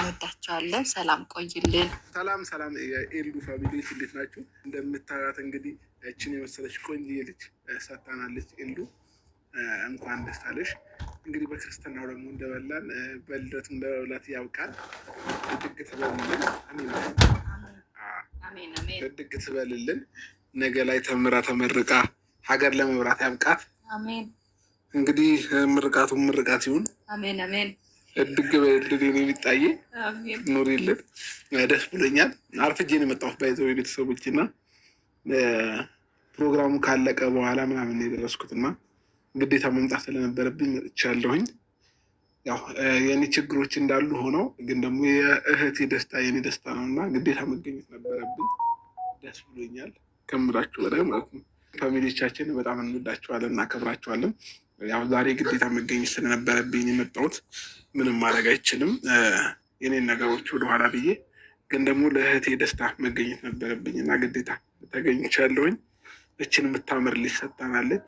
እንወዳቸዋለን። ሰላም ቆይልን። ሰላም ሰላም፣ ኤልዱ ፋሚሊዎች እንዴት ናችሁ? እንደምታዩት እንግዲህ እችን የመሰለች ቆንጆ ልጅ ሰታናለች። ኤልዱ እንኳን ደስ አለሽ። እንግዲህ በክርስትናው ደግሞ እንደበላን በልደቱ እንደበላት ያውቃል። ድግ ትበልልን። ድግ ትበልልን። ነገ ላይ ተምራ ተመርቃ ሀገር ለመብራት ያብቃት። እንግዲህ ምርቃቱ ምርቃት ይሁን። አሜን አሜን። እድግ በልድ ኔ የሚጣየ ኑሪልን። ደስ ብሎኛል። አርፍጄ ነው የመጣሁት ባይዘው የቤተሰቦች እና ፕሮግራሙ ካለቀ በኋላ ምናምን የደረስኩትና ግዴታ መምጣት ስለነበረብኝ መጥቻለሁኝ። ያው የኔ ችግሮች እንዳሉ ሆነው ግን ደግሞ የእህቴ ደስታ የኔ ደስታ ነው እና ግዴታ መገኘት ነበረብኝ። ደስ ብሎኛል ከምላችሁ በላይ ማለት ነው። ፋሚሊዎቻችን በጣም እንወዳቸዋለን፣ እናከብራቸዋለን። ያው ዛሬ ግዴታ መገኘት ስለነበረብኝ የመጣሁት ምንም ማድረግ አይችልም። የኔን ነገሮች ወደኋላ ብዬ ግን ደግሞ ለእህቴ ደስታ መገኘት ነበረብኝ እና ግዴታ ተገኝቻለሁኝ። እችን የምታምር ልጅ ሰጥታናለች።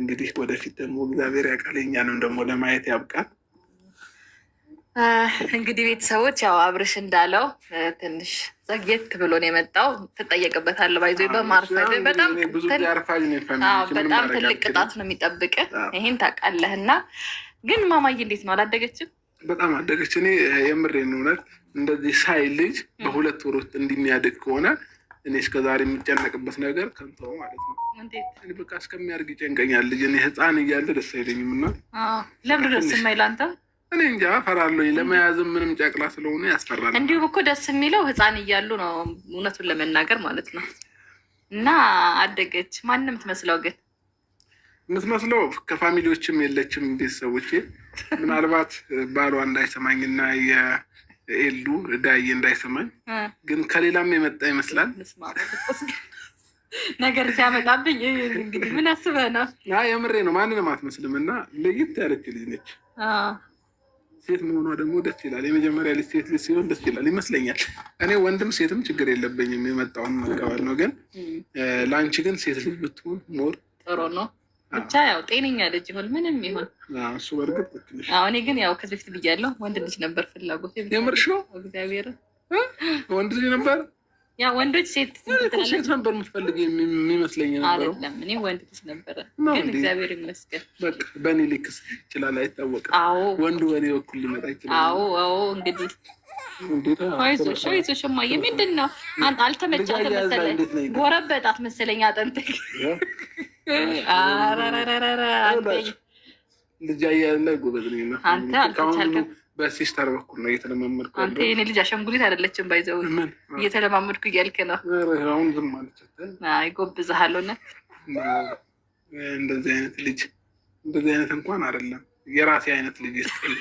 እንግዲህ ወደፊት ደግሞ እግዚአብሔር ያውቃል፣ የእኛንም ደግሞ ለማየት ያብቃል። እንግዲህ ቤተሰቦች ያው አብርሽ እንዳለው ትንሽ ዘግየት ብሎ ነው የመጣው። ትጠየቅበታል ባይዞ በማርፈድ በጣም ትልቅ ቅጣት ነው የሚጠብቅ። ይህን ታውቃለህ። እና ግን ማማዬ እንዴት ነው አላደገችም? በጣም አደገች። እኔ የምሬን እውነት እንደዚህ ሳይ ልጅ በሁለት ወር ውስጥ እንዲሚያድግ ከሆነ እኔ እስከዛሬ የሚጨነቅበት ነገር ከንቶ ማለት ነው። በቃ እስከሚያድግ ይጨንቀኛል። ልጅ እኔ ህፃን እያለ ደስ አይለኝም እና ለምድ ደስ የማይል አንተ እኔ እንጃ ፈራለሁ። ለመያዝም ምንም ጨቅላ ስለሆነ ያስፈራል። እንዲሁም እኮ ደስ የሚለው ህፃን እያሉ ነው እውነቱን ለመናገር ማለት ነው። እና አደገች ማንም ትመስለው ግን የምትመስለው ከፋሚሊዎችም የለችም። ቤተሰቦች ምናልባት ባሏ እንዳይሰማኝና የኤሉ ዳዬ እንዳይሰማኝ ግን ከሌላም የመጣ ይመስላል ነገር ሲያመጣብኝ እንግዲህ ምን አስበህ ነው? የምሬ ነው። ማንንም አትመስልም እና ለየት ያለች ልጅ ነች። ሴት መሆኗ ደግሞ ደስ ይላል። የመጀመሪያ ልጅ ሴት ልጅ ሲሆን ደስ ይላል ይመስለኛል። እኔ ወንድም ሴትም ችግር የለብኝም፣ የመጣውን መቀበል ነው። ግን ለአንቺ ግን ሴት ልጅ ብትሆን ሞር ጥሩ ነው። ብቻ ያው ጤነኛ ልጅ ይሆን ምንም ይሆን እሱ በእርግጥ ትንሽ። እኔ ግን ያው ከዚህ በፊት ብያለሁ፣ ወንድ ልጅ ነበር ፍላጎት። የምርሽ ነው እግዚአብሔር ወንድ ልጅ ነበር ያ ወንዶች ሴት ሴት ነበር የምትፈልግ የሚመስለኝ ነበረው። እኔ ወንድ ልጅ ነበረ፣ ግን እግዚአብሔር ይመስገን በእኔ ልክስ ይችላል አይታወቅም። ወንዱ በእኔ በኩል ሊመጣ ይችላል። አዎ እንግዲህ ይዞሽ ይዞሽ እማዬ ምንድን ነው አልተመቻትም መሰለኝ፣ ጎረበጣት መሰለኝ አጠንተኝ ልጅ አያያዝና ጎበዝ ነው። በሲስተር በኩል ነው እየተለማመድኩ። አንተ የኔ ልጅ አሸንጉሊት አይደለችም፣ ባይዘው እየተለማመድኩ እያልክ ነው። አሁን ዝም አለች። ጎብዝሃለሁ። እንደዚህ አይነት ልጅ እንደዚህ አይነት እንኳን አይደለም የራሴ አይነት ልጅ ስል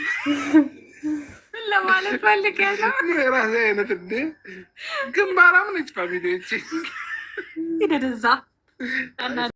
ለማለት ፈልግ ያለው የራሴ አይነት እንደ ግንባራም ነች ፋሚሊዎች ሂደደዛ